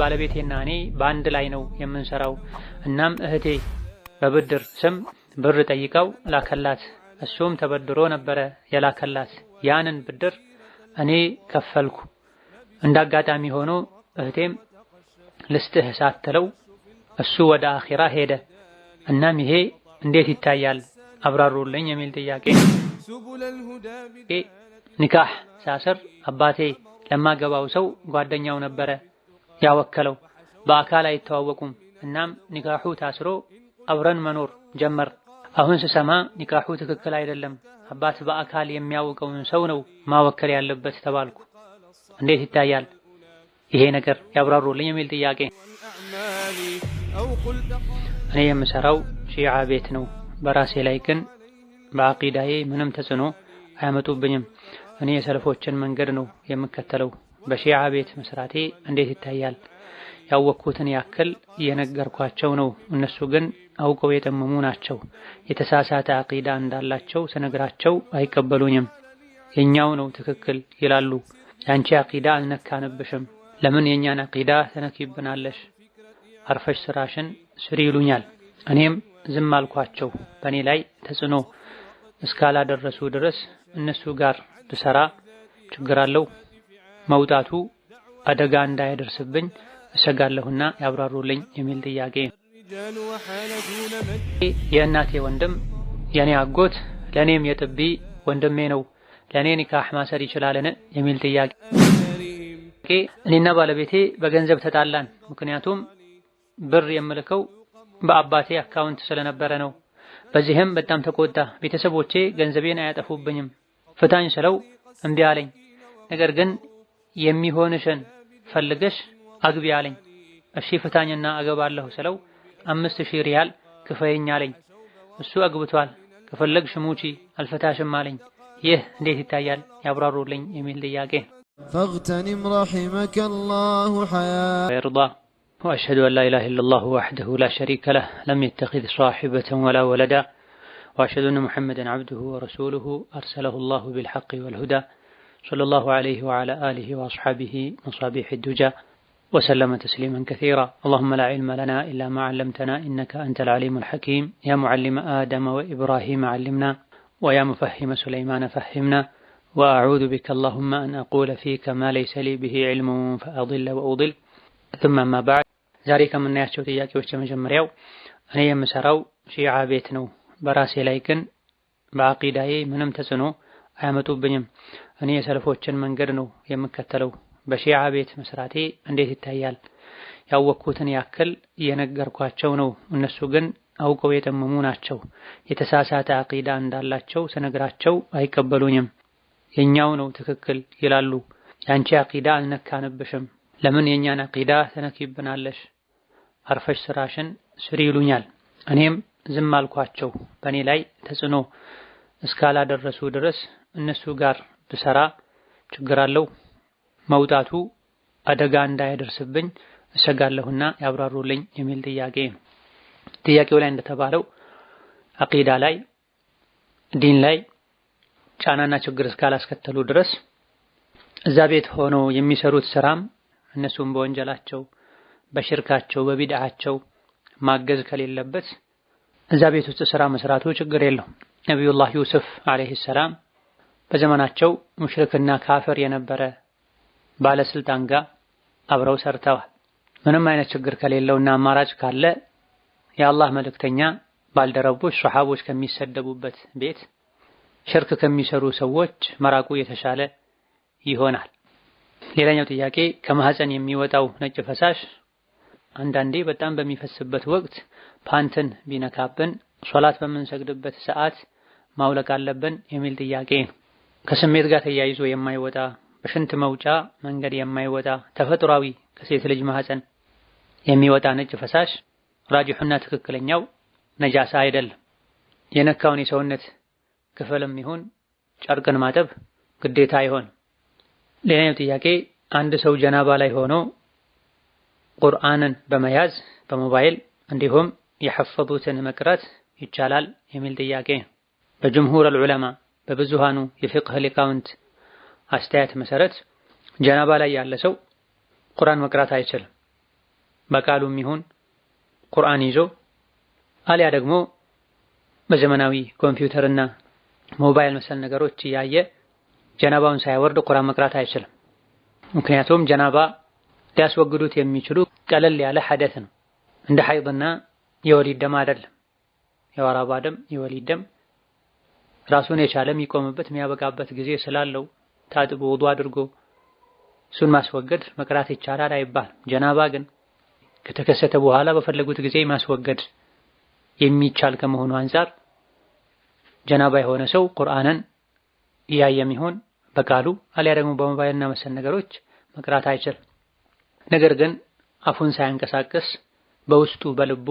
ባለቤቴና እኔ በአንድ ላይ ነው የምንሰራው። እናም እህቴ በብድር ስም ብር ጠይቀው ላከላት። እሱም ተበድሮ ነበረ የላከላት። ያንን ብድር እኔ ከፈልኩ። እንዳጋጣሚ ሆኖ እህቴም ልስጥህ ሳትለው እሱ ወደ አኺራ ሄደ። እናም ይሄ እንዴት ይታያል አብራሩልኝ የሚል ጥያቄ ኒካህ ሳስር አባቴ ለማገባው ሰው ጓደኛው ነበረ ያወከለው። በአካል አይተዋወቁም። እናም ኒካሑ ታስሮ አብረን መኖር ጀመር። አሁን ስሰማ ኒካሑ ትክክል አይደለም፣ አባት በአካል የሚያውቀውን ሰው ነው ማወከል ያለበት ተባልኩ። እንዴት ይታያል ይሄ ነገር ያብራሩልኝ የሚል ጥያቄ። እኔ የምሰራው ሺዓ ቤት ነው። በራሴ ላይ ግን በአቂዳዬ ምንም ተጽዕኖ አያመጡብኝም። እኔ የሰለፎችን መንገድ ነው የምከተለው። በሺዓ ቤት መስራቴ እንዴት ይታያል? ያወቅኩትን ያክል እየነገርኳቸው ነው። እነሱ ግን አውቀው የጠመሙ ናቸው። የተሳሳተ አቂዳ እንዳላቸው ስነግራቸው አይቀበሉኝም። የኛው ነው ትክክል ይላሉ። ያንቺ አቂዳ አልነካንብሽም፣ ለምን የእኛን አቂዳ ተነኪብናለሽ? አርፈሽ ስራሽን ስሪ ይሉኛል። እኔም ዝም አልኳቸው። በእኔ ላይ ተጽዕኖ እስካላደረሱ ድረስ እነሱ ጋር ብሰራ ችግር አለው? መውጣቱ አደጋ እንዳይደርስብኝ እሰጋለሁና ያብራሩልኝ የሚል ጥያቄ። የእናቴ ወንድም የኔ አጎት ለኔም የጥቢ ወንድሜ ነው፣ ለኔ ኒካህ ማሰር ይችላልን? የሚል ጥያቄ። እኔና ባለቤቴ በገንዘብ ተጣላን። ምክንያቱም ብር የምልከው በአባቴ አካውንት ስለነበረ ነው። በዚህም በጣም ተቆጣ። ቤተሰቦቼ ገንዘቤን አያጠፉብኝም ፍታኝ ስለው እምቢ አለኝ። ነገር ግን የሚሆንሽን ፈልገሽ አግቢ አለኝ። እሺ ፍታኝና አገባለሁ ስለው አምስት ሺህ ሪያል ክፈይኝ አለኝ። እሱ አግብቷል፣ ከፈለግሽ ሙቺ አልፈታሽም አለኝ። ይህ እንዴት ይታያል? ያብራሩልኝ የሚል ጥያቄ። ፈግተኒም ረሒመከ ላሁ ርዳ ወአሽሀዱ አን ላ ኢላሃ ኢለላሁ ወሕደሁ ላ ሸሪከ ለህ ለም የተኺዝ ሷሒበተን ወላ ወለዳ وأشهد أن محمدا عبده ورسوله أرسله الله بالحق والهدى صلى الله عليه وعلى آله وأصحابه مصابيح الدجى وسلم تسليما كثيرا اللهم لا علم لنا إلا ما علمتنا إنك أنت العليم الحكيم يا معلم آدم وإبراهيم علمنا ويا مفهم سليمان فهمنا وأعوذ بك اللهم أن أقول فيك ما ليس لي به علم فأضل وأضل ثم ما بعد ذلك من ناس شوتي ياكي የመጀመሪያው جمريو أنا ሺዓ ቤት بيتنو በራሴ ላይ ግን በአቂዳዬ ምንም ተጽዕኖ አያመጡብኝም። እኔ የሰልፎችን መንገድ ነው የምከተለው። በሺዓ ቤት መስራቴ እንዴት ይታያል? ያወቅኩትን ያክል እየነገርኳቸው ነው። እነሱ ግን አውቀው የጠመሙ ናቸው። የተሳሳተ አቂዳ እንዳላቸው ስነግራቸው አይቀበሉኝም። የኛው ነው ትክክል ይላሉ። ያንቺ አቂዳ አልነካንብሽም፣ ለምን የእኛን አቂዳ ተነኪብናለሽ? አርፈሽ ስራሽን ስሪ ይሉኛል። እኔም ዝም አልኳቸው በእኔ ላይ ተጽዕኖ እስካላደረሱ ድረስ እነሱ ጋር ብሰራ ችግር አለው መውጣቱ አደጋ እንዳያደርስብኝ እሰጋለሁና ያብራሩልኝ የሚል ጥያቄ ነው። ጥያቄው ላይ እንደተባለው አቂዳ ላይ ዲን ላይ ጫናና ችግር እስካላስከተሉ ድረስ እዛ ቤት ሆነው የሚሰሩት ስራም እነሱም በወንጀላቸው፣ በሽርካቸው፣ በቢድአቸው ማገዝ ከሌለበት እዛ ቤት ውስጥ ስራ መስራቱ ችግር የለው። ነቢዩላህ ዩሱፍ አለይሂ ሰላም በዘመናቸው ሙሽሪክና ካፍር የነበረ ባለስልጣን ጋር አብረው ሰርተዋል። ምንም አይነት ችግር ከሌለውና አማራጭ ካለ የአላህ መልእክተኛ ባልደረቦች ሶሐቦች ከሚሰደቡበት ቤት ሽርክ ከሚሰሩ ሰዎች መራቁ የተሻለ ይሆናል። ሌላኛው ጥያቄ ከማህፀን የሚወጣው ነጭ ፈሳሽ አንዳንዴ በጣም በሚፈስበት ወቅት ፓንትን ቢነካብን ሶላት በምንሰግድበት ሰዓት ማውለቅ አለብን የሚል ጥያቄ ነው። ከስሜት ጋር ተያይዞ የማይወጣ በሽንት መውጫ መንገድ የማይወጣ ተፈጥሯዊ ከሴት ልጅ ማህፀን የሚወጣ ነጭ ፈሳሽ ራጅሑና ትክክለኛው ነጃሳ አይደለም። የነካውን የሰውነት ክፍልም ይሁን ጨርቅን ማጠብ ግዴታ ይሆን። ሌላኛው ጥያቄ አንድ ሰው ጀናባ ላይ ሆኖ ቁርአንን በመያዝ በሞባይል እንዲሁም የሐፈዙትን መቅራት ይቻላል የሚል ጥያቄ በጅምሁር አልዑለማ በብዙሃኑ የፍቅህ ሊቃውንት አስተያየት መሰረት ጀናባ ላይ ያለ ሰው ቁርአን መቅራት አይችልም። በቃሉ የሚሆን ቁርአን ይዞ አሊያ ደግሞ በዘመናዊ ኮምፒውተርና ሞባይል መሰል ነገሮች እያየ ጀናባውን ሳይወርድ ቁርአን መቅራት አይችልም። ምክንያቱም ጀናባ ሊያስወግዱት የሚችሉ ቀለል ያለ ሐደት ነው እንደ ሐይድና የወሊድ ደም አይደለም። የወራባ ደም፣ የወሊድ ደም ራሱን የቻለ የሚቆምበት የሚያበቃበት ጊዜ ስላለው ታጥቦ ውዱ አድርጎ እሱን ማስወገድ መቅራት ይቻላል አይባልም። ጀናባ ግን ከተከሰተ በኋላ በፈለጉት ጊዜ ማስወገድ የሚቻል ከመሆኑ አንጻር ጀናባ የሆነ ሰው ቁርአንን እያየ የሚሆን በቃሉ አሊያ ደግሞ በሞባይልና መሰል ነገሮች መቅራት አይችል። ነገር ግን አፉን ሳያንቀሳቅስ በውስጡ በልቡ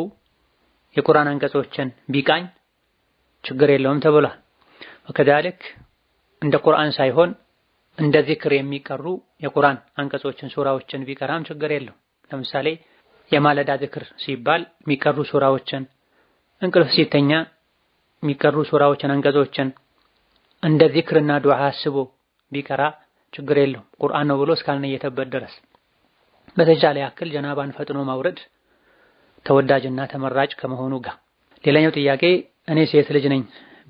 የቁርአን አንቀጾችን ቢቃኝ ችግር የለውም ተብሏል። ወከዛልክ እንደ ቁርአን ሳይሆን እንደ ዚክር የሚቀሩ የቁርአን አንቀጾችን ሱራዎችን ቢቀራም ችግር የለው። ለምሳሌ የማለዳ ዝክር ሲባል የሚቀሩ ሱራዎችን፣ እንቅልፍ ሲተኛ የሚቀሩ ሱራዎችን አንቀጾችን እንደ ዚክርና ዱዓ አስቦ ቢቀራ ችግር የለው ቁርአን ነው ብሎ እስካልነየተበት ድረስ በተቻለ ያክል ጀናባን ፈጥኖ ማውረድ ተወዳጅና ተመራጭ ከመሆኑ ጋር። ሌላኛው ጥያቄ እኔ ሴት ልጅ ነኝ፣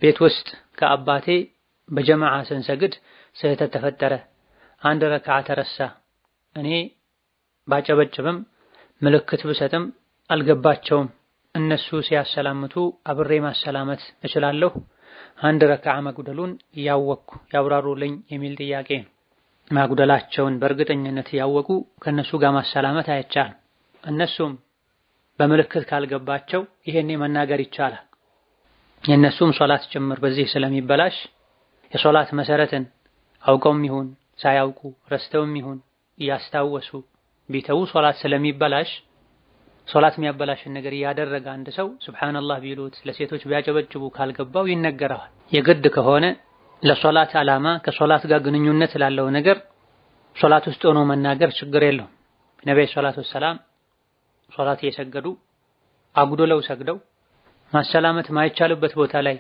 ቤት ውስጥ ከአባቴ በጀማዓ ስንሰግድ ስህተት ተፈጠረ፣ አንድ ረክዓ ተረሳ። እኔ ባጨበጭብም ምልክት ብሰጥም አልገባቸውም። እነሱ ሲያሰላምቱ አብሬ ማሰላመት እችላለሁ? አንድ ረክዓ መጉደሉን እያወቅኩ ያብራሩልኝ የሚል ጥያቄ ነው። ማጉደላቸውን በእርግጠኝነት ያወቁ ከእነሱ ጋር ማሰላመት አይቻልም። እነሱም በምልክት ካልገባቸው ይሄኔ መናገር ይቻላል። የእነሱም ሶላት ጭምር በዚህ ስለሚበላሽ የሶላት መሰረትን አውቀውም ይሁን ሳያውቁ ረስተውም ይሁን እያስታወሱ ቢተው ሶላት ስለሚበላሽ ሶላት የሚያበላሽን ነገር እያደረገ አንድ ሰው ሱብሃንአላህ ቢሉት ለሴቶች ቢያጨበጭቡ ካልገባው ይነገረዋል። የግድ ከሆነ ለሶላት ዓላማ ከሶላት ጋር ግንኙነት ላለው ነገር ሶላት ውስጥ ሆኖ መናገር ችግር የለውም። ነብይ ሰላቱ ሰላም ሶላት እየሰገዱ አጉዶለው ሰግደው ማሰላመት ማይቻልበት ቦታ ላይ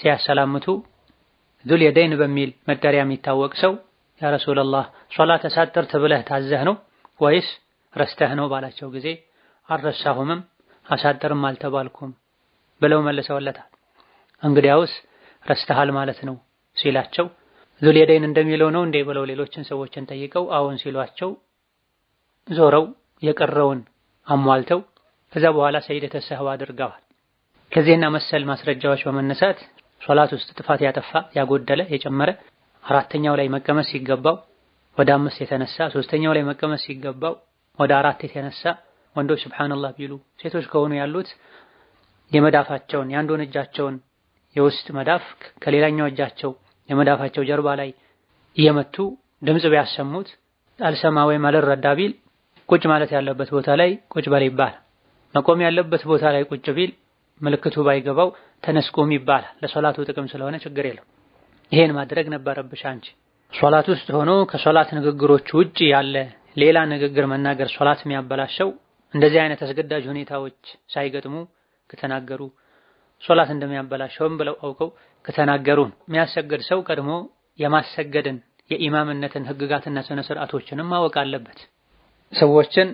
ሲያሰላምቱ ዙል የደይን በሚል መጠሪያ የሚታወቅ ሰው ያ ረሱላላህ ሶላት ተሳጥር ተብለህ ታዘህ ነው ወይስ ረስተህ ነው ባላቸው ጊዜ አልረሳሁምም አሳጥርም አልተባልኩም ብለው መልሰውለታል። እንግዲያውስ ረስተሃል ማለት ነው ሲላቸው ዙል የደይን እንደሚለው ነው እንዴ ብለው ሌሎችን ሰዎችን ጠይቀው አዎን ሲሏቸው ዞረው የቀረውን አሟልተው ከዛ በኋላ ሰይደተ ሰህዋ አድርገዋል። ከዚህና መሰል ማስረጃዎች በመነሳት ሶላት ውስጥ ጥፋት ያጠፋ ያጎደለ የጨመረ አራተኛው ላይ መቀመስ ሲገባው ወደ አምስት የተነሳ ሶስተኛው ላይ መቀመስ ሲገባው ወደ አራት የተነሳ ወንዶች ሱብሃንአላህ ቢሉ ሴቶች ከሆኑ ያሉት የመዳፋቸውን የአንዱን እጃቸውን የውስጥ መዳፍ ከሌላኛው እጃቸው የመዳፋቸው ጀርባ ላይ እየመቱ ድምጽ ቢያሰሙት አልሰማ ወይም አልረዳ ቢል ቁጭ ማለት ያለበት ቦታ ላይ ቁጭ በል ይባል። መቆም ያለበት ቦታ ላይ ቁጭ ቢል ምልክቱ ባይገባው ተነስቆም ይባላል። ለሶላቱ ጥቅም ስለሆነ ችግር የለው። ይሄን ማድረግ ነበረብሽ አንቺ። ሶላት ውስጥ ሆኖ ከሶላት ንግግሮች ውጪ ያለ ሌላ ንግግር መናገር ሶላት የሚያበላሸው እንደዚህ አይነት አስገዳጅ ሁኔታዎች ሳይገጥሙ ከተናገሩ ሶላት እንደሚያበላሸውም ብለው አውቀው ከተናገሩ የሚያሰግድ ሰው ቀድሞ የማሰገድን የኢማምነትን ህግጋትና ስነ ስርዓቶችንም ማወቅ አለበት። ሰዎችን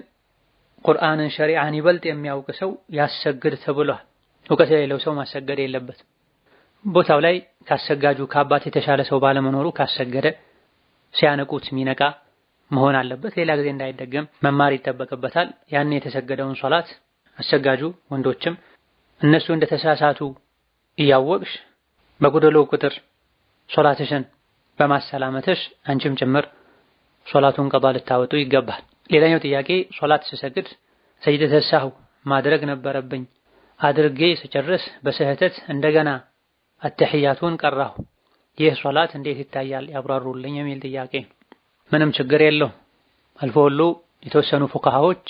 ቁርአንን ሸሪዓን ይበልጥ የሚያውቅ ሰው ያሰግድ ተብሏል። እውቀት የሌለው ሰው ማሰገድ የለበትም። ቦታው ላይ ካሰጋጁ ከአባት የተሻለ ሰው ባለመኖሩ ካሰገደ ሲያነቁት ሚነቃ መሆን አለበት። ሌላ ጊዜ እንዳይደገም መማር ይጠበቅበታል። ያን የተሰገደውን ሶላት አሰጋጁ ወንዶችም እነሱ እንደተሳሳቱ እያወቅሽ በጎደሎ ቁጥር ሶላትሽን በማሰላመተሽ አንቺም ጭምር ሶላቱን ቀባ ልታወጡ ይገባል። ሌላኛው ጥያቄ ሶላት ስሰግድ ሰጅደተ ሳሁ ማድረግ ነበረብኝ። አድርጌ ስጨርስ በስህተት እንደገና አተህያቱን ቀራሁ። ይህ ሶላት እንዴት ይታያል? ያብራሩልኝ የሚል ጥያቄ። ምንም ችግር የለው። አልፎ ሁሉ የተወሰኑ ፉካሃዎች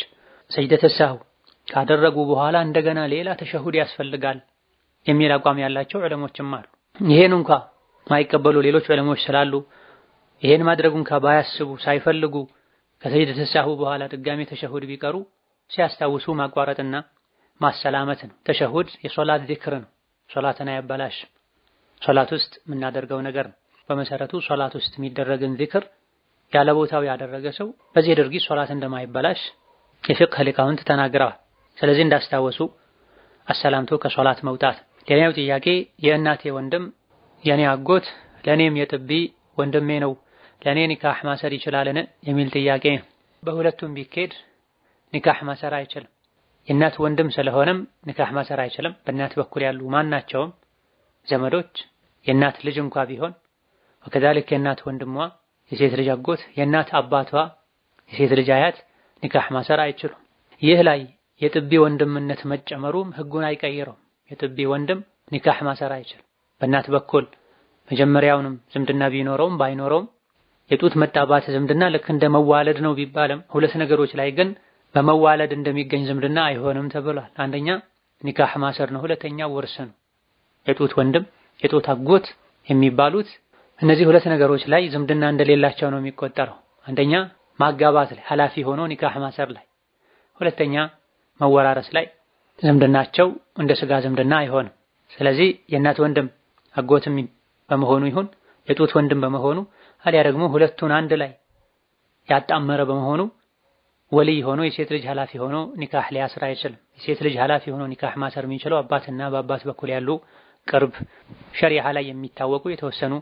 ሰጅደተ ሳሁ ካደረጉ በኋላ እንደገና ሌላ ተሸሁድ ያስፈልጋል የሚል አቋም ያላቸው ዕለሞችም አሉ። ይሄን እንኳ ማይቀበሉ ሌሎች ዕለሞች ስላሉ ይሄን ማድረጉን ከባያስቡ ሳይፈልጉ ከሰይድ ተሳሁ በኋላ ድጋሜ ተሸሁድ ቢቀሩ ሲያስታውሱ ማቋረጥና ማሰላመት ነው። ተሸሁድ የሶላት ዚክር ነው። ሶላትን አያበላሽ። ሶላት ውስጥ የምናደርገው ነገር ነው። በመሰረቱ ሶላት ውስጥ የሚደረግን ዚክር ያለ ቦታው ያደረገ ሰው በዚህ ድርጊት ሶላት እንደማይበላሽ የፊቅህ ሊቃውንት ተናግረዋል። ስለዚህ እንዳስታወሱ አሰላምቶ ከሶላት መውጣት። ሌላኛው ጥያቄ የእናቴ ወንድም የኔ አጎት ለኔም የጥቢ ወንድሜ ነው ለእኔ ኒካህ ማሰር ይችላልን የሚል ጥያቄ በሁለቱም ቢኬድ ኒካህ ማሰር አይችልም። የእናት ወንድም ስለሆነም ኒካህ ማሰር አይችልም። በእናት በኩል ያሉ ማናቸውም ዘመዶች የእናት ልጅ እንኳ ቢሆን ወከዛልክ የእናት ወንድሟ፣ የሴት ልጅ አጎት፣ የእናት አባቷ፣ የሴት ልጅ አያት ኒካህ ማሰር አይችሉም። ይህ ላይ የጥቢ ወንድምነት መጨመሩም ህጉን አይቀይረውም። የጥቢ ወንድም ኒካህ ማሰር አይችልም። በእናት በኩል መጀመሪያውንም ዝምድና ቢኖረውም ባይኖረውም የጡት መጣባት ዝምድና ልክ እንደ መዋለድ ነው ቢባልም ሁለት ነገሮች ላይ ግን በመዋለድ እንደሚገኝ ዝምድና አይሆንም ተብሏል። አንደኛ ኒካህ ማሰር ነው፣ ሁለተኛ ውርስ ነው። የጡት ወንድም፣ የጡት አጎት የሚባሉት እነዚህ ሁለት ነገሮች ላይ ዝምድና እንደሌላቸው ነው የሚቆጠረው። አንደኛ ማጋባት ላይ ኃላፊ ሆኖ ኒካህ ማሰር ላይ፣ ሁለተኛ መወራረስ ላይ ዝምድናቸው እንደ ስጋ ዝምድና አይሆንም። ስለዚህ የእናት ወንድም አጎትም በመሆኑ ይሁን የጡት ወንድም በመሆኑ አሊያ ደግሞ ሁለቱን አንድ ላይ ያጣመረ በመሆኑ ወልይ ሆኖ የሴት ልጅ ኃላፊ ሆኖ ኒካህ ሊያስር አይችልም። የሴት ልጅ ኃላፊ ሆኖ ኒካህ ማሰር የሚችለው አባትና በአባት በኩል ያሉ ቅርብ ሸሪዓ ላይ የሚታወቁ የተወሰኑ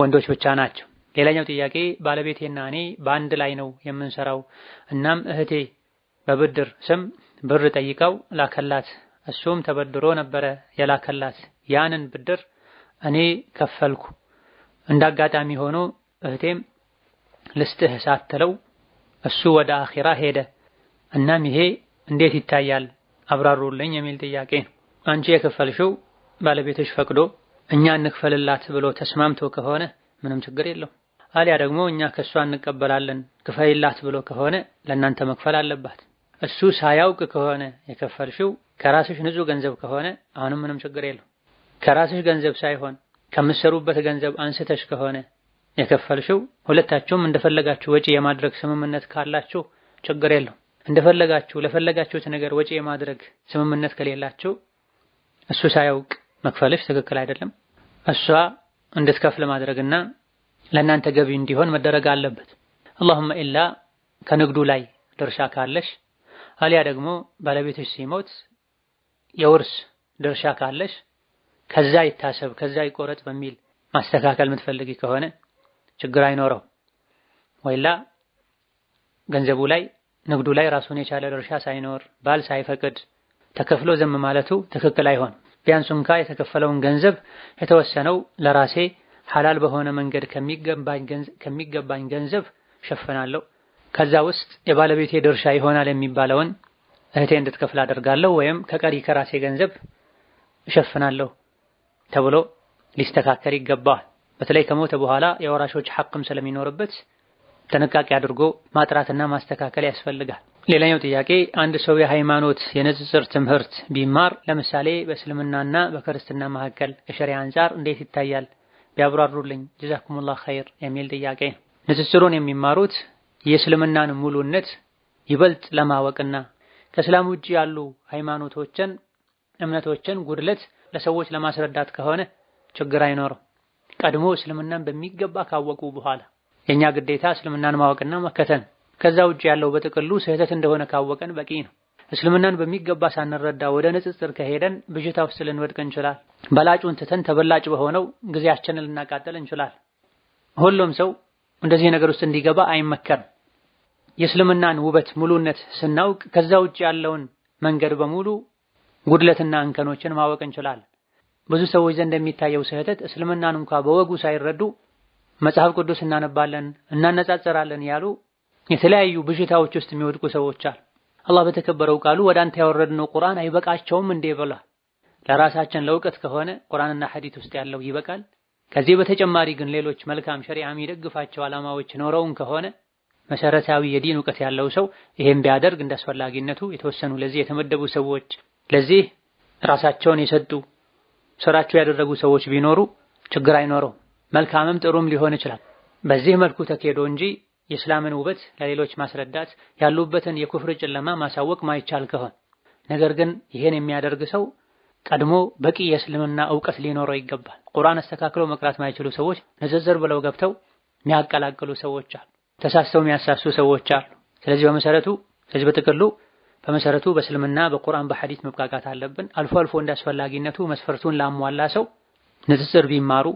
ወንዶች ብቻ ናቸው። ሌላኛው ጥያቄ ባለቤቴና እኔ በአንድ ላይ ነው የምንሰራው። እናም እህቴ በብድር ስም ብር ጠይቀው ላከላት። እሱም ተበድሮ ነበረ የላከላት። ያንን ብድር እኔ ከፈልኩ። እንዳጋጣሚ ሆኖ እህቴም ልስጥህ ሳትለው እሱ ወደ አኺራ ሄደ። እናም ይሄ እንዴት ይታያል አብራሩልኝ የሚል ጥያቄ ነው። አንቺ የከፈልሽው ባለቤትሽ ፈቅዶ እኛ እንክፈልላት ብሎ ተስማምቶ ከሆነ ምንም ችግር የለው። አሊያ ደግሞ እኛ ከእሷ እንቀበላለን ክፈይላት ብሎ ከሆነ ለእናንተ መክፈል አለባት። እሱ ሳያውቅ ከሆነ የከፈልሽው ከራስሽ ንጹህ ገንዘብ ከሆነ አሁንም ምንም ችግር የለው። ከራስሽ ገንዘብ ሳይሆን ከምትሰሩበት ገንዘብ አንስተሽ ከሆነ የከፈልሽው ሁለታችሁም እንደፈለጋችሁ ወጪ የማድረግ ስምምነት ካላችሁ ችግር የለው። እንደፈለጋችሁ ለፈለጋችሁት ነገር ወጪ የማድረግ ስምምነት ከሌላችሁ እሱ ሳያውቅ መክፈልሽ ትክክል አይደለም። እሷ እንድትከፍል ማድረግና ለእናንተ ገቢ እንዲሆን መደረግ አለበት። አላሁመ ኢላ ከንግዱ ላይ ድርሻ ካለሽ አሊያ ደግሞ ባለቤትሽ ሲሞት የውርስ ድርሻ ካለሽ ከዛ ይታሰብ ከዛ ይቆረጥ በሚል ማስተካከል የምትፈልጊ ከሆነ ችግር አይኖረው ወይላ ገንዘቡ ላይ ንግዱ ላይ ራሱን የቻለ ድርሻ ሳይኖር ባል ሳይፈቅድ ተከፍሎ ዝም ማለቱ ትክክል አይሆን። ቢያንስ እንኳ የተከፈለውን ገንዘብ የተወሰነው ለራሴ ሐላል በሆነ መንገድ ከሚገባኝ ገንዘብ ሸፍናለሁ፣ ከዛ ውስጥ የባለቤቴ ድርሻ ይሆናል የሚባለውን እህቴ እንድትከፍል አደርጋለሁ ወይም ከቀሪ ከራሴ ገንዘብ እሸፍናለሁ ተብሎ ሊስተካከል ይገባዋል። በተለይ ከሞተ በኋላ የወራሾች ሐቅም ስለሚኖርበት ጥንቃቄ አድርጎ ማጥራትና ማስተካከል ያስፈልጋል። ሌላኛው ጥያቄ አንድ ሰው የሃይማኖት የንጽጽር ትምህርት ቢማር ለምሳሌ በእስልምናና በክርስትና መካከል ከሸሪያ አንጻር እንዴት ይታያል ቢያብራሩልኝ ጀዛኩሙላህ ኸይር የሚል ጥያቄ። ንጽጽሩን የሚማሩት የእስልምናን ሙሉነት ይበልጥ ለማወቅና ከእስላም ውጭ ያሉ ሃይማኖቶችን፣ እምነቶችን ጉድለት ለሰዎች ለማስረዳት ከሆነ ችግር አይኖርም። ቀድሞ እስልምናን በሚገባ ካወቁ በኋላ የኛ ግዴታ እስልምናን ማወቅና መከተል ከዛ ውጭ ያለው በጥቅሉ ስህተት እንደሆነ ካወቀን በቂ ነው። እስልምናን በሚገባ ሳንረዳ ወደ ንጽጽር ከሄደን ብዥታ ውስጥ ልንወድቅ እንችላል። በላጩን ትተን ተበላጭ በሆነው ጊዜያችንን ልናቃጠል እንችላል። ሁሉም ሰው እንደዚህ ነገር ውስጥ እንዲገባ አይመከርም። የእስልምናን ውበት ሙሉነት ስናውቅ ከዛ ውጭ ያለውን መንገድ በሙሉ ጉድለትና እንከኖችን ማወቅ እንችላለን። ብዙ ሰዎች ዘንድ የሚታየው ስህተት እስልምናን እንኳ በወጉ ሳይረዱ መጽሐፍ ቅዱስ እናነባለን፣ እናነጻጽራለን ያሉ የተለያዩ ብዥታዎች ውስጥ የሚወድቁ ሰዎች አሉ። አላህ በተከበረው ቃሉ ወደ አንተ ያወረድነው ቁርአን አይበቃቸውም እንዴ ብሏል። ለራሳችን ለእውቀት ከሆነ ቁርአንና ሐዲት ውስጥ ያለው ይበቃል። ከዚህ በተጨማሪ ግን ሌሎች መልካም ሸሪዓ የሚደግፋቸው ዓላማዎች ኖረውን ከሆነ መሰረታዊ የዲን እውቀት ያለው ሰው ይሄን ቢያደርግ እንዳስፈላጊነቱ የተወሰኑ ለዚህ የተመደቡ ሰዎች ለዚህ ራሳቸውን የሰጡ ስራቸው ያደረጉ ሰዎች ቢኖሩ ችግር አይኖረው፣ መልካምም ጥሩም ሊሆን ይችላል። በዚህ መልኩ ተኬዶ እንጂ የእስላምን ውበት ለሌሎች ማስረዳት ያሉበትን የኩፍር ጨለማ ማሳወቅ ማይቻል ከሆን ነገር ግን ይሄን የሚያደርግ ሰው ቀድሞ በቂ የእስልምና እውቀት ሊኖረው ይገባል። ቁርአን አስተካክሎ መቅራት ማይችሉ ሰዎች ንዝዝር ብለው ገብተው የሚያቀላቅሉ ሰዎች አሉ። ተሳስተው የሚያሳሱ ሰዎች አሉ። ስለዚህ በመሰረቱ ስለዚህ በጥቅሉ በመሰረቱ በእስልምና በቁርአን በሐዲስ መብቃቃት አለብን። አልፎ አልፎ እንዳስፈላጊነቱ መስፈርቱን ላሟላ ሰው ንጽጽር ቢማሩ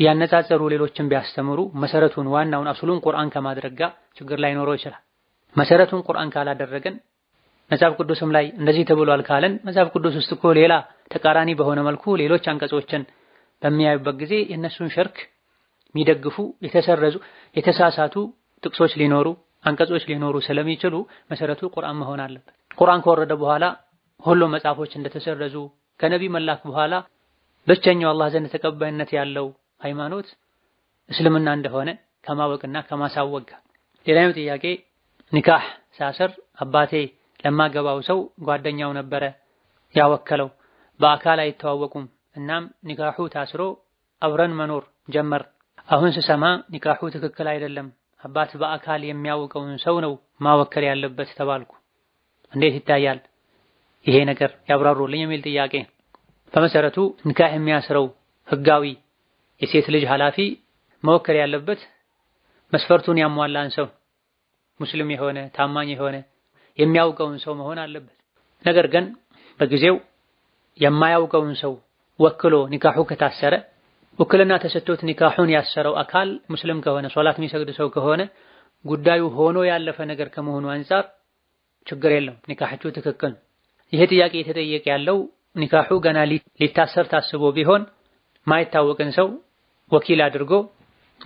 እያነጻጸሩ ሌሎችን ቢያስተምሩ መሰረቱን ዋናውን አስሉን ቁርአን ከማድረግ ጋር ችግር ላይኖረው ይችላል። መሰረቱን ቁርአን ካላደረገን መጽሐፍ ቅዱስም ላይ እንደዚህ ተብሏል ካለን መጽሐፍ ቅዱስ ውስጥ እኮ ሌላ ተቃራኒ በሆነ መልኩ ሌሎች አንቀጾችን በሚያዩበት ጊዜ የእነሱን ሸርክ የሚደግፉ የተሰረዙ የተሳሳቱ ጥቅሶች ሊኖሩ አንቀጾች ሊኖሩ ስለሚችሉ መሰረቱ ቁርአን መሆን አለበት። ቁርአን ከወረደ በኋላ ሁሉም መጽሐፎች እንደተሰረዙ ከነቢ መላክ በኋላ ብቸኛው አላህ ዘንድ ተቀባይነት ያለው ሃይማኖት እስልምና እንደሆነ ከማወቅና ከማሳወቅ ሌላኛው ጥያቄ ኒካህ ሳስር አባቴ ለማገባው ሰው ጓደኛው ነበረ ያወከለው፣ በአካል አይተዋወቁም። እናም ኒካሁ ታስሮ አብረን መኖር ጀመር። አሁን ስሰማ ኒካሁ ትክክል አይደለም፣ አባት በአካል የሚያውቀውን ሰው ነው ማወከል ያለበት ተባልኩ። እንዴት ይታያል? ይሄ ነገር ያብራሩልኝ የሚል ጥያቄ። በመሰረቱ ንካህ የሚያስረው ህጋዊ የሴት ልጅ ኃላፊ መወከል ያለበት መስፈርቱን ያሟላን ሰው ሙስሊም የሆነ ታማኝ የሆነ የሚያውቀውን ሰው መሆን አለበት። ነገር ግን በጊዜው የማያውቀውን ሰው ወክሎ ንካሁ ከታሰረ ውክልና ተሰጥቶት ንካሁን ያሰረው አካል ሙስሊም ከሆነ ሶላት የሚሰግድ ሰው ከሆነ ጉዳዩ ሆኖ ያለፈ ነገር ከመሆኑ አንጻር ችግር የለም ኒካሐችሁ ትክክል። ይሄ ጥያቄ የተጠየቀ ያለው ኒካሑ ገና ሊታሰር ታስቦ ቢሆን ማይታወቅን ሰው ወኪል አድርጎ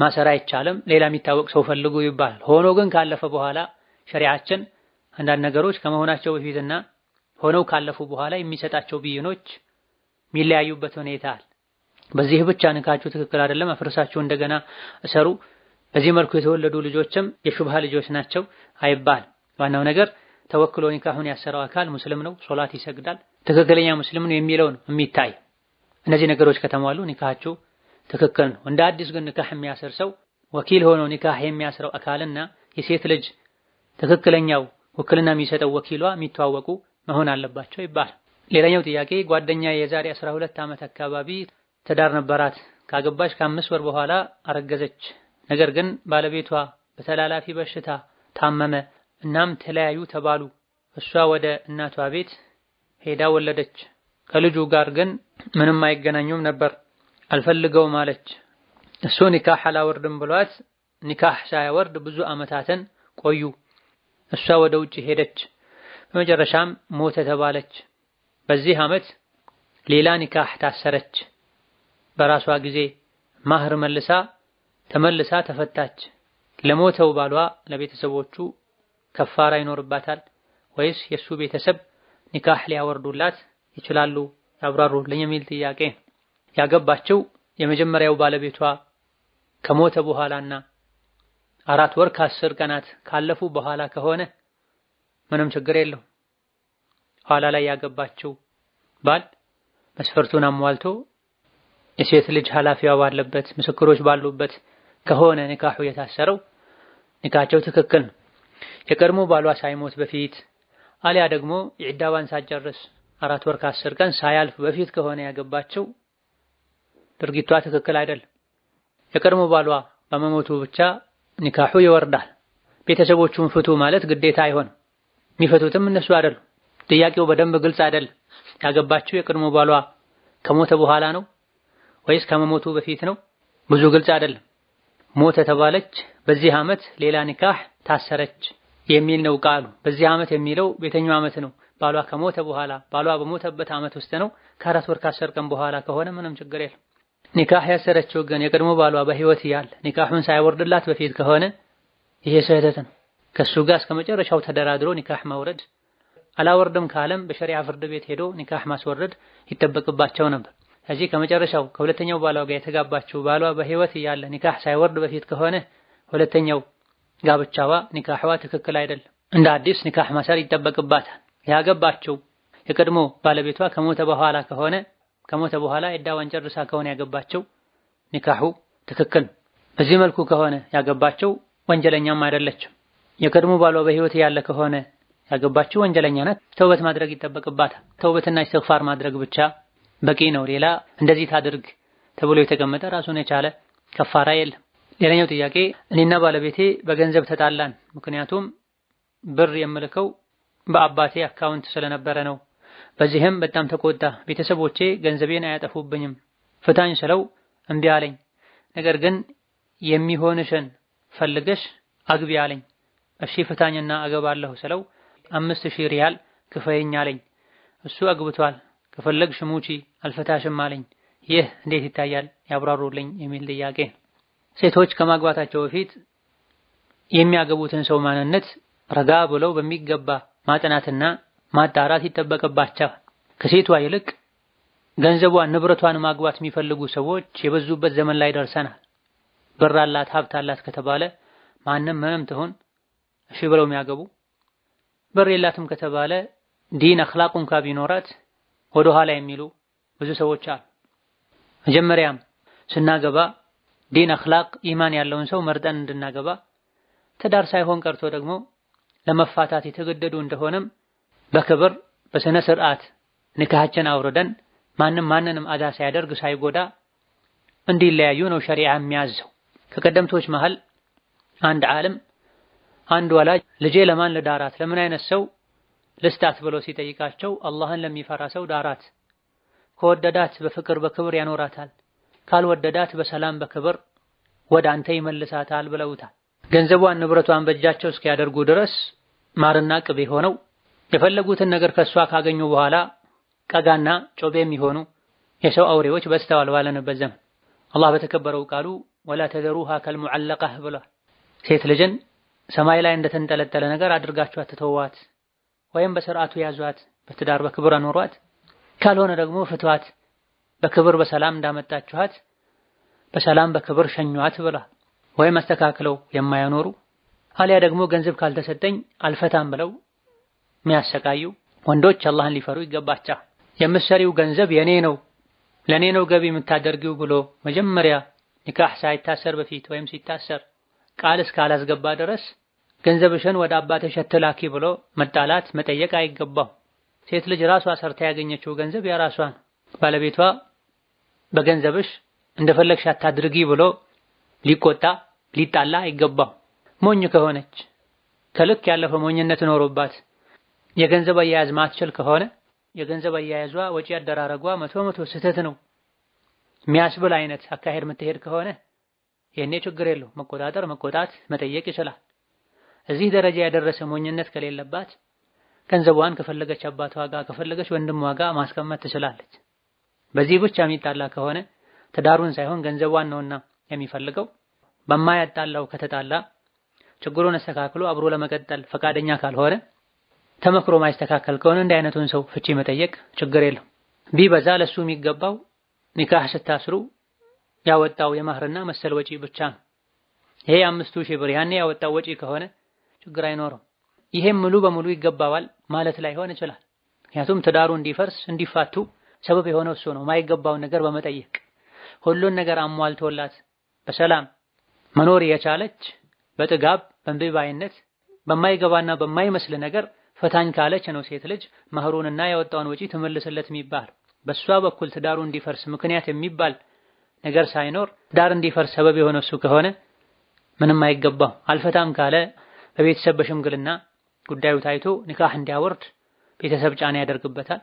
ማሰር አይቻልም፣ ሌላ የሚታወቅ ሰው ፈልጉ ይባላል። ሆኖ ግን ካለፈ በኋላ ሸሪዓችን አንዳንድ ነገሮች ከመሆናቸው በፊትና ሆነው ካለፉ በኋላ የሚሰጣቸው ብይኖች የሚለያዩበት ሁኔታ አለ። በዚህ ብቻ ንካችሁ ትክክል አይደለም አፍርሳችሁ እንደገና እሰሩ፣ በዚህ መልኩ የተወለዱ ልጆችም የሹብሃ ልጆች ናቸው አይባል። ዋናው ነገር ተወክሎ ኒካሁን ያሰረው አካል ሙስልም ነው፣ ሶላት ይሰግዳል፣ ትክክለኛ ሙስልም ነው ነው የሚታይ እነዚህ ነገሮች ከተሟሉ ኒካሃቸው ትክክል ነው። እንደ አዲስ ግን ኒካህ የሚያስር ሰው ወኪል ሆኖ ኒካህ የሚያስረው አካልና የሴት ልጅ ትክክለኛው ውክልና የሚሰጠው ወኪሏ የሚተዋወቁ መሆን አለባቸው ይባል። ሌላኛው ጥያቄ ጓደኛ የዛሬ 12 ዓመት አካባቢ ትዳር ነበራት። ካገባች ከአምስት ወር በኋላ አረገዘች። ነገር ግን ባለቤቷ በተላላፊ በሽታ ታመመ። እናም ተለያዩ ተባሉ። እሷ ወደ እናቷ ቤት ሄዳ ወለደች። ከልጁ ጋር ግን ምንም አይገናኙም ነበር። አልፈልገውም አለች። እሱ ኒካህ አላወርድም ብሏት ኒካህ ሳያወርድ ብዙ ዓመታትን ቆዩ። እሷ ወደ ውጭ ሄደች። በመጨረሻም ሞተ ተባለች። በዚህ ዓመት ሌላ ኒካህ ታሰረች። በራሷ ጊዜ ማህር መልሳ ተመልሳ ተፈታች። ለሞተው ባሏ ለቤተሰቦቹ ከፋራ ይኖርባታል ወይስ የሱ ቤተሰብ ኒካህ ሊያወርዱላት ይችላሉ? ያብራሩልኝ የሚል ጥያቄ። ያገባችው የመጀመሪያው ባለቤቷ ከሞተ በኋላና አራት ወር ከአስር ቀናት ካለፉ በኋላ ከሆነ ምንም ችግር የለው። ኋላ ላይ ያገባችው ባል መስፈርቱን አሟልቶ የሴት ልጅ ኃላፊዋ ባለበት ምስክሮች ባሉበት ከሆነ ኒካሁ የታሰረው ኒካቸው ትክክል ነው። የቀድሞ ባሏ ሳይሞት በፊት አሊያ ደግሞ ኢዕዳዋን ሳጨርስ አራት ወር ከአስር ቀን ሳያልፍ በፊት ከሆነ ያገባቸው ድርጊቷ ትክክል አይደለም። የቀድሞ ባሏ በመሞቱ ብቻ ኒካሑ ይወርዳል። ቤተሰቦቹን ፍቱ ማለት ግዴታ አይሆንም። የሚፈቱትም እነሱ አይደሉ። ጥያቄው በደንብ ግልጽ አይደል ያገባችው የቀድሞ ባሏ ከሞተ በኋላ ነው ወይስ ከመሞቱ በፊት ነው? ብዙ ግልጽ አይደለም። ሞተ ተባለች፣ በዚህ ዓመት ሌላ ኒካህ ታሰረች የሚል ነው ቃሉ። በዚህ ዓመት የሚለው ቤተኛው ዓመት ነው። ባሏ ከሞተ በኋላ ባሏ በሞተበት ዓመት ውስጥ ነው። ከአራት ወር ካሰር ቀን በኋላ ከሆነ ምንም ችግር የለም። ኒካህ ያሰረችው ግን የቀድሞ ባሏ በህይወት እያለ ኒካሁን ሳይወርድላት በፊት ከሆነ ይሄ ስህተት ነው። ከሱ ጋር እስከ መጨረሻው ተደራድሮ ኒካህ ማውረድ አላወርድም ካለም በሸሪዓ ፍርድ ቤት ሄዶ ኒካህ ማስወረድ ይጠበቅባቸው ነበር። እዚህ ከመጨረሻው ከሁለተኛው ባሏ ጋር የተጋባችው ባሏ በህይወት እያለ ኒካህ ሳይወርድ በፊት ከሆነ ሁለተኛው ጋብቻዋ ኒካህዋ ትክክል አይደለም። እንደ አዲስ ኒካህ ማሰር ይጠበቅባታል። ያገባችው የቀድሞ ባለቤቷ ከሞተ በኋላ ከሆነ ከሞተ በኋላ ዕዳዋን ጨርሳ ከሆነ ያገባቸው ኒካሁ ትክክል። በዚህ መልኩ ከሆነ ያገባቸው ወንጀለኛም አይደለችም። የቀድሞ ባሏ በህይወት እያለ ከሆነ ያገባችው ወንጀለኛ ናት። ተውበት ማድረግ ይጠበቅባታል። ተውበትና ኢስትግፋር ማድረግ ብቻ በቂ ነው። ሌላ እንደዚህ ታድርግ ተብሎ የተቀመጠ ራሱን የቻለ ከፋራ የለም። ሌላኛው ጥያቄ እኔና ባለቤቴ በገንዘብ ተጣላን። ምክንያቱም ብር የምልከው በአባቴ አካውንት ስለነበረ ነው። በዚህም በጣም ተቆጣ። ቤተሰቦቼ ገንዘቤን አያጠፉብኝም። ፍታኝ ስለው እምቢ አለኝ። ነገር ግን የሚሆንሽን ፈልገሽ አግቢ አለኝ። እሺ ፍታኝና አገባለሁ ስለው አምስት ሺህ ሪያል ክፈይኝ አለኝ። እሱ አግብቷል። ከፈለግሽ ሙቺ አልፈታሽም አለኝ። ይህ እንዴት ይታያል ያብራሩልኝ የሚል ጥያቄ። ሴቶች ከማግባታቸው በፊት የሚያገቡትን ሰው ማንነት ረጋ ብለው በሚገባ ማጥናትና ማጣራት ይጠበቅባቸዋል። ከሴቷ ይልቅ ገንዘቧን ንብረቷን ማግባት የሚፈልጉ ሰዎች የበዙበት ዘመን ላይ ደርሰናል። ብር አላት ሀብት አላት ከተባለ ማንም ምንም ትሆን እሺ ብለው የሚያገቡ ብር የላትም ከተባለ ዲን አኽላቁን ካ ቢኖራት ወደ ኋላ የሚሉ ብዙ ሰዎች አሉ። መጀመሪያም ስናገባ ዲን፣ አኽላቅ፣ ኢማን ያለውን ሰው መርጠን እንድናገባ ትዳር ሳይሆን ቀርቶ ደግሞ ለመፋታት የተገደዱ እንደሆነም በክብር በስነ ስርዓት ንካሃችን አውርደን ማንም ማንንም አዳ ሳያደርግ ሳይጎዳ እንዲለያዩ ነው ሸሪዓ የሚያዘው። ከቀደምቶች መሃል አንድ ዓለም አንድ ወላጅ ልጄ ለማን ልዳራት ለምን አይነት ሰው ልስጣት ብሎ ሲጠይቃቸው አላህን ለሚፈራ ሰው ዳራት፣ ከወደዳት በፍቅር በክብር ያኖራታል፣ ካልወደዳት በሰላም በክብር ወደ አንተ ይመልሳታል ብለውታል። ገንዘቧን ንብረቷን በእጃቸው እስኪያደርጉ ድረስ ማርና ቅቤ ሆነው የፈለጉትን ነገር ከሷ ካገኙ በኋላ ቀጋና ጮቤ የሚሆኑ የሰው አውሬዎች በስተዋል ባለንበት ዘመን አላህ በተከበረው ቃሉ ወላ ተዘሩሃ ከልሙዓለቃህ ብሏል። ሴት ልጅን ሰማይ ላይ እንደተንጠለጠለ ነገር አድርጋችሁ አትተዋት። ወይም በስርዓቱ ያዟት፣ በትዳር በክብር አኖሯት። ካልሆነ ደግሞ ፍቷት፣ በክብር በሰላም እንዳመጣችኋት በሰላም በክብር ሸኟት ብላ ወይም አስተካክለው የማያኖሩ አሊያ ደግሞ ገንዘብ ካልተሰጠኝ አልፈታም ብለው የሚያሰቃዩ ወንዶች አላህን ሊፈሩ ይገባቻ። የምትሰሪው ገንዘብ የኔ ነው ለኔ ነው ገቢ የምታደርጊው ብሎ መጀመሪያ ኒካህ ሳይታሰር በፊት ወይም ሲታሰር ቃል እስካላስገባ ድረስ ገንዘብሽን ወደ አባትሽ አትላኪ ብሎ መጣላት መጠየቅ አይገባው። ሴት ልጅ ራሷ ሰርታ ያገኘችው ገንዘብ የራሷ ነው። ባለቤቷ በገንዘብሽ እንደፈለግሽ አታድርጊ ብሎ ሊቆጣ ሊጣላ አይገባው። ሞኝ ከሆነች ከልክ ያለፈ ሞኝነት ኖሮባት የገንዘብ አያያዝ ማትችል ከሆነ የገንዘብ አያያዟ ወጪ አደራረጓ መቶ መቶ ስህተት ነው የሚያስብል አይነት አካሄድ የምትሄድ ከሆነ ይህኔ ችግር የለው መቆጣጠር መቆጣት መጠየቅ ይችላል። እዚህ ደረጃ ያደረሰ ሞኝነት ከሌለባት ገንዘቧን ከፈለገች አባቷ ጋር ከፈለገች ወንድሟ ጋር ማስቀመጥ ትችላለች። በዚህ ብቻ የሚጣላ ከሆነ ትዳሩን ሳይሆን ገንዘቧን ነውና የሚፈልገው። በማያጣላው ከተጣላ ችግሩን አስተካክሎ አብሮ ለመቀጠል ፈቃደኛ ካልሆነ ተመክሮ ማይስተካከል ከሆነ እንደ አይነቱን ሰው ፍቺ መጠየቅ ችግር የለም። ቢበዛ ለሱ የሚገባው ኒካህ ስታስሩ ያወጣው የማህርና መሰል ወጪ ብቻ ነው። ይሄ አምስቱ ሺህ ብር ያኔ ያወጣው ወጪ ከሆነ ችግር አይኖርም። ይሄም ሙሉ በሙሉ ይገባዋል ማለት ላይሆን ይችላል። ምክንያቱም ትዳሩ እንዲፈርስ እንዲፋቱ ሰበብ የሆነው እሱ ነው፣ ማይገባውን ነገር በመጠየቅ ሁሉን ነገር አሟልቶላት በሰላም መኖር የቻለች በጥጋብ በእምቢባይነት በማይገባና በማይመስል ነገር ፈታኝ ካለች ነው ሴት ልጅ መህሩንና ያወጣውን ወጪ ትመልስለት የሚባል በሷ በኩል ትዳሩ እንዲፈርስ ምክንያት የሚባል ነገር ሳይኖር ትዳር እንዲፈርስ ሰበብ የሆነ እሱ ከሆነ ምንም አይገባው። አልፈታም ካለ በቤተሰብ በሽምግልና ጉዳዩ ታይቶ ኒካህ እንዲያወርድ ቤተሰብ ጫና ያደርግበታል።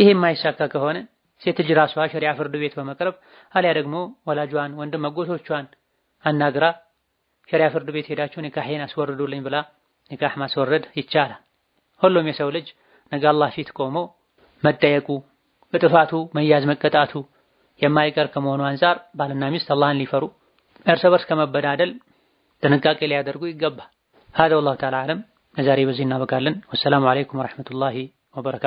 ይሄ የማይሳካ ከሆነ ሴት ልጅ ራሷ ሸሪያ ፍርድ ቤት በመቅረብ አሊያ ደግሞ ወላጇን፣ ወንድም አጎቶቿን አናግራ ሸሪያ ፍርድ ቤት ሄዳችሁ ኒካሄን አስወርዱልኝ ብላ ኒካህ ማስወረድ ይቻላል። ሁሉም የሰው ልጅ ነገ አላህ ፊት ቆሞ መጠየቁ በጥፋቱ መያዝ መቀጣቱ የማይቀር ከመሆኑ አንጻር ባልና ሚስት አላህን ሊፈሩ እርስ በርስ ከመበዳደል ጥንቃቄ ሊያደርጉ ይገባል። هذا والله تعالى أعلم። ለዛሬ በዚህ እናበቃለን። ወሰላሙ አለይኩም ወረሕመቱላሂ ወበረካቱ።